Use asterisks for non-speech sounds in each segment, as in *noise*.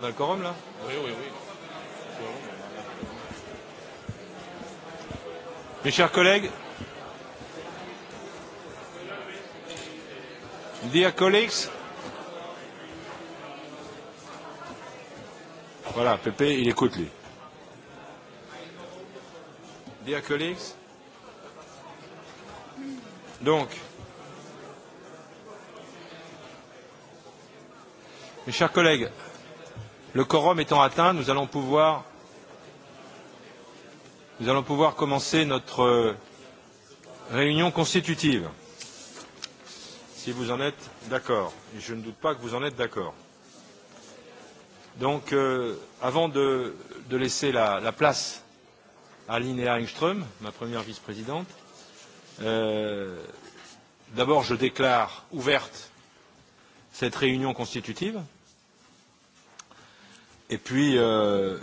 On le là Oui, oui, oui. Mes chers collègues, dear colleagues, voilà, Pépé, il écoute lui. Dear colleagues, donc, mes chers collègues, Le quorum étant atteint, nous allons pouvoir, nous allons pouvoir commencer notre euh, réunion constitutive, si vous en êtes d'accord. je ne doute pas que vous en êtes d'accord. Donc, euh, avant de, de laisser la, la place à Linnea Engström, ma première vice-présidente, euh, d'abord je déclare ouverte cette réunion constitutive. Et puis, euh,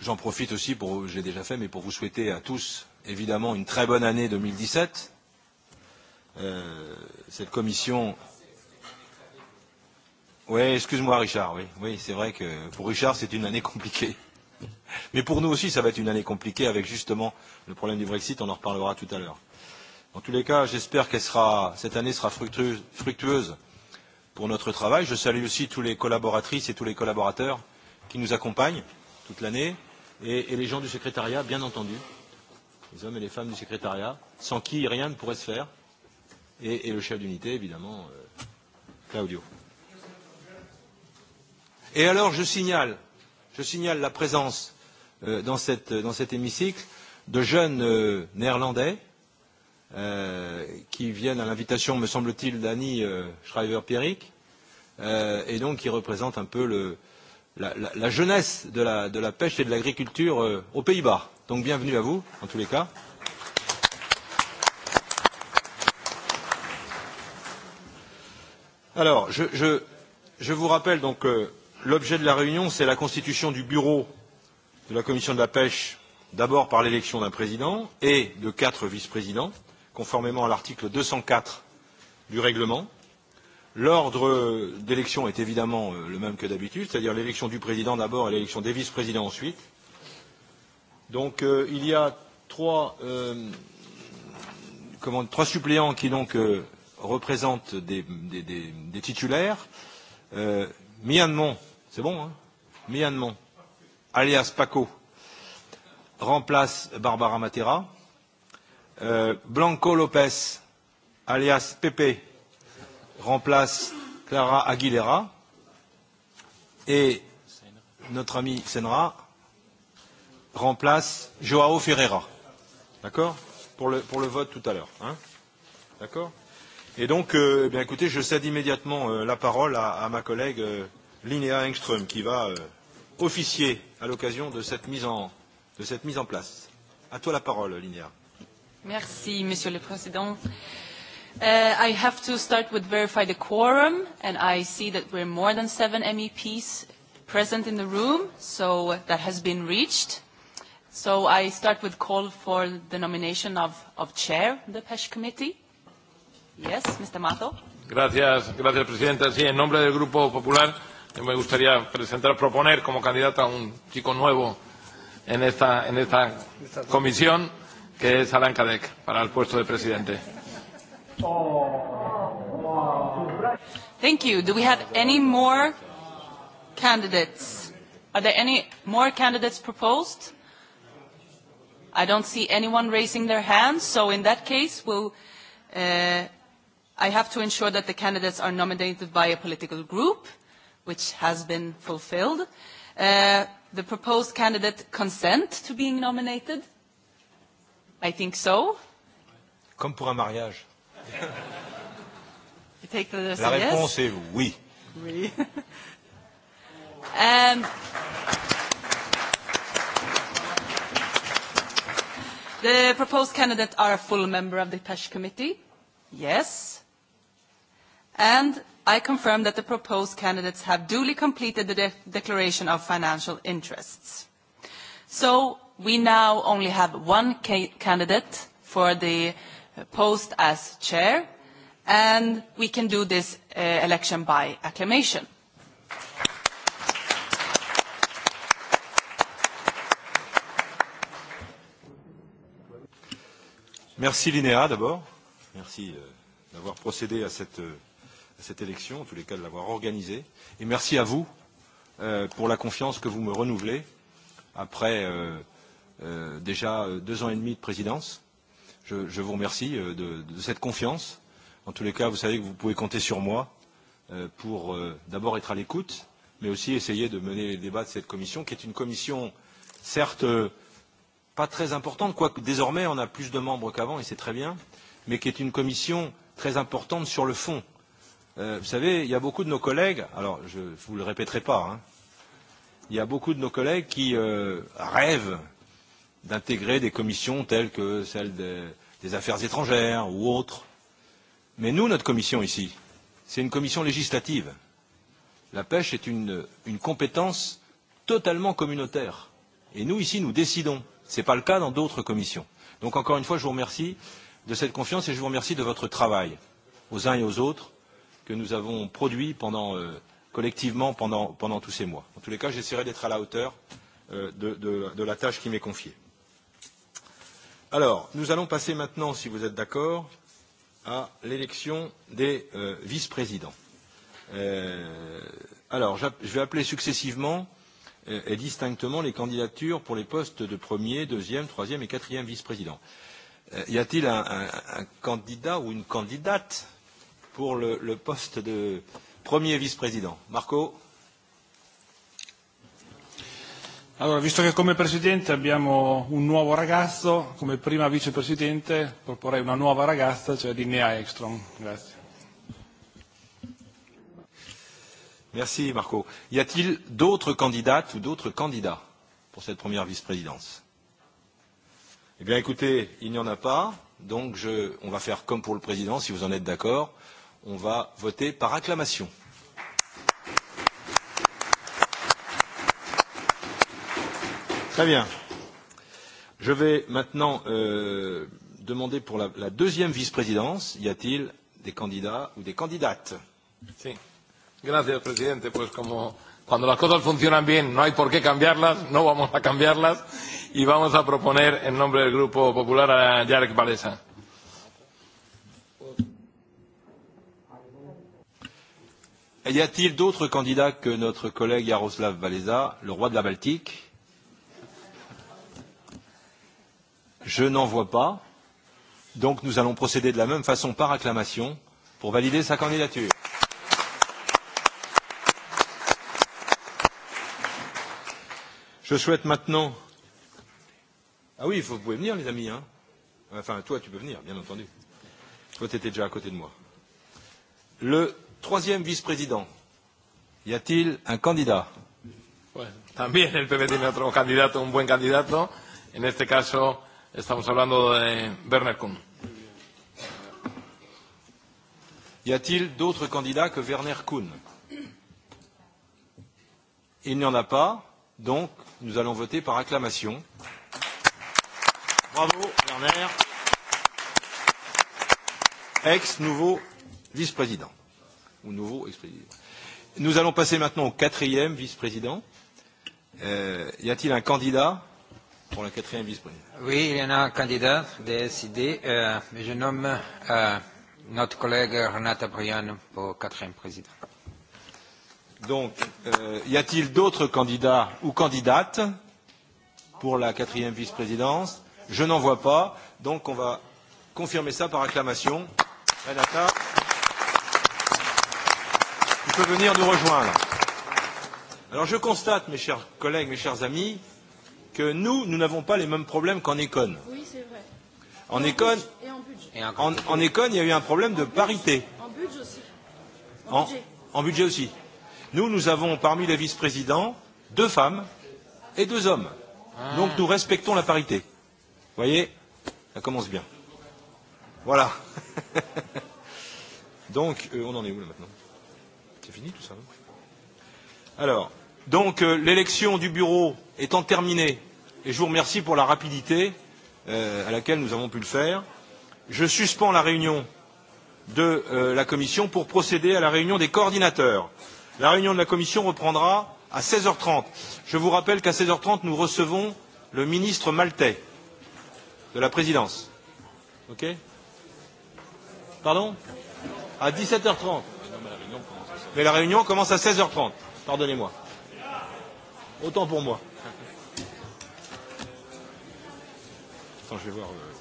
j'en profite aussi pour, j'ai déjà fait, mais pour vous souhaiter à tous, évidemment, une très bonne année 2017. Euh, cette commission. Oui, excuse-moi, Richard. Oui, oui, c'est vrai que pour Richard, c'est une année compliquée. *laughs* Mais pour nous aussi, ça va être une année compliquée avec justement le problème du Brexit. On en reparlera tout à l'heure. En tous les cas, j'espère que sera, cette année sera fructueuse, fructueuse pour notre travail. Je salue aussi tous les collaboratrices et tous les collaborateurs qui nous accompagnent toute l'année et, et les gens du secrétariat, bien entendu, les hommes et les femmes du secrétariat, sans qui rien ne pourrait se faire, et, et le chef d'unité, évidemment, euh, Claudio. Et alors, je signale, je signale la présence euh, dans, cette, dans cet hémicycle de jeunes euh, néerlandais Euh, qui viennent à l'invitation, me semble-t-il, d'Annie euh, Schreiber-Pierrick, euh, et donc qui représentent un peu le, la, la, la jeunesse de la, de la pêche et de l'agriculture euh, aux Pays-Bas. Donc bienvenue à vous, en tous les cas. Alors, je, je, je vous rappelle donc euh, l'objet de la réunion, c'est la constitution du bureau de la commission de la pêche, d'abord par l'élection d'un président et de quatre vice-présidents conformément à l'article 204 du règlement. L'ordre d'élection est évidemment euh, le même que d'habitude, c'est-à-dire l'élection du président d'abord et l'élection des vice-présidents ensuite. Donc euh, il y a trois, euh, comment, trois suppléants qui donc euh, représentent des, des, des, des titulaires. Euh, Mianmon, c'est bon, hein Mianmon, alias Paco, remplace Barbara Matera. Euh, Blanco Lopez, alias Pepe, remplace Clara Aguilera. Et notre ami Senra remplace Joao Ferreira. D'accord pour le, pour le vote tout à l'heure. Hein D'accord Et donc, euh, eh bien, écoutez, je cède immédiatement euh, la parole à, à ma collègue euh, Linnea Engström qui va euh, officier à l'occasion de, de cette mise en place. À toi la parole, Linnea. Merci, Monsieur le Président. Uh, I have to start with verify the quorum, and I see that we're more than seven MEPs present in the room, so that has been reached. So I start with call for the nomination of, of chair of the PESH committee. Yes, Mr. Mato. Gracias, gracias, Presidenta. Sí, en nombre del Grupo Popular me gustaría presentar, proponer como candidata a un chico nuevo en esta, en esta comisión que es Alan Kadek para el puesto de presidente. Thank you. Do we have any more candidates? Are there any more candidates proposed? I don't see anyone raising their hands, so in that case, we'll, uh, I have to ensure that the candidates are nominated by a political group, which has been fulfilled. Uh, the proposed candidate consent to being nominated I think so. Comme pour un mariage. *laughs* you take the La réponse yes? est oui. Oui. *laughs* um, the proposed candidates are a full member of the PESH committee. Yes. And I confirm that the proposed candidates have duly completed the de declaration of financial interests. So we now only have one candidate for the post as chair, and we can do this uh, election by acclamation. Merci Linéa d'abord. Merci euh, d'avoir procédé à cette, euh, à cette élection, en tous les cas de l'avoir organisée. Et merci à vous euh, pour la confiance que vous me renouvelez après euh, euh, déjà euh, deux ans et demi de présidence. Je, je vous remercie euh, de, de cette confiance. En tous les cas, vous savez que vous pouvez compter sur moi euh, pour euh, d'abord être à l'écoute, mais aussi essayer de mener les débats de cette commission, qui est une commission, certes, euh, pas très importante, quoique désormais on a plus de membres qu'avant, et c'est très bien, mais qui est une commission très importante sur le fond. Euh, vous savez, il y a beaucoup de nos collègues, alors je ne vous le répéterai pas, hein, il y a beaucoup de nos collègues qui euh, rêvent d'intégrer des commissions telles que celle des, des affaires étrangères ou autres. Mais nous, notre commission ici, c'est une commission législative. La pêche est une, une compétence totalement communautaire. Et nous, ici, nous décidons. Ce n'est pas le cas dans d'autres commissions. Donc, encore une fois, je vous remercie de cette confiance et je vous remercie de votre travail aux uns et aux autres que nous avons produit pendant, euh, collectivement pendant, pendant tous ces mois. En tous les cas, j'essaierai d'être à la hauteur euh, de, de, de la tâche qui m'est confiée. Alors, nous allons passer maintenant, si vous êtes d'accord, à l'élection des euh, vice-présidents. Euh, alors, je vais appeler successivement euh, et distinctement les candidatures pour les postes de premier, deuxième, troisième et quatrième vice-président. Euh, y a-t-il un, un, un candidat ou une candidate pour le, le poste de premier vice-président Marco Allora, visto che come Presidente abbiamo un nuovo ragazzo, come prima Vicepresidente proporrei una nuova ragazza, cioè Linnea Ekstrom. Grazie. Merci Marco. Y a-t-il d'autres candidates ou d'autres candidats pour cette première vice-présidence Eh bien écoutez, il n'y en a pas, donc je, on va faire comme pour le président, si vous en êtes d'accord, on va voter par acclamation. Très bien. Je vais maintenant euh, demander pour la, la deuxième vice-présidence, y a-t-il des candidats ou des candidates Sí. Gracias, presidente. Pues como cuando las cosas funcionan bien no hay por qué cambiarlas, no vamos a cambiarlas y vamos a proponer en nombre del Grupo Popular a Jarek Valesa. Y a-t-il d'autres candidats que notre collègue Jaroslav Valesa, le roi de la Baltique Je n'en vois pas. Donc nous allons procéder de la même façon par acclamation pour valider sa candidature. Je souhaite maintenant... Ah oui, vous pouvez venir les amis. Hein enfin, toi tu peux venir, bien entendu. Toi tu étais déjà à côté de moi. Le troisième vice-président. Y a-t-il un candidat Oui, también el PPD tiene un buen candidat. En este caso Estamos hablando de Werner Kuhn. Y a-t-il d'autres candidats que Werner Kuhn Il n'y en a pas, donc nous allons voter par acclamation. Bravo, Werner. Ex-nouveau vice-président. Ou nouveau ex-président. Nous allons passer maintenant au quatrième vice-président. Euh, y a-t-il un candidat pour la quatrième vice-présidente. Oui, il y en a un candidat des SID. Euh, je nomme euh, notre collègue Renata Brian pour quatrième président. Donc, euh, y a-t-il d'autres candidats ou candidates pour la quatrième vice-présidence Je n'en vois pas, donc on va confirmer ça par acclamation. Renata, tu peux venir nous rejoindre. Alors je constate, mes chers collègues, mes chers amis, que nous, nous n'avons pas les mêmes problèmes qu'en ECON. Oui, c'est vrai. En ECON, en, en, il y a eu un problème en de budget. parité. En budget aussi. En, en, budget. en budget aussi. Nous, nous avons parmi les vice-présidents deux femmes et deux hommes. Ah. Donc nous respectons la parité. Vous voyez, ça commence bien. Voilà. *laughs* Donc, euh, on en est où là maintenant C'est fini tout ça non Alors, Donc euh, l'élection du bureau étant terminée, et je vous remercie pour la rapidité euh, à laquelle nous avons pu le faire, je suspends la réunion de euh, la commission pour procéder à la réunion des coordinateurs. La réunion de la commission reprendra à 16h30. Je vous rappelle qu'à 16h30, nous recevons le ministre maltais de la présidence. OK Pardon À 17h30. Mais la réunion commence à 16h30. Pardonnez-moi. Autant pour moi. Attends, je vais voir. Euh...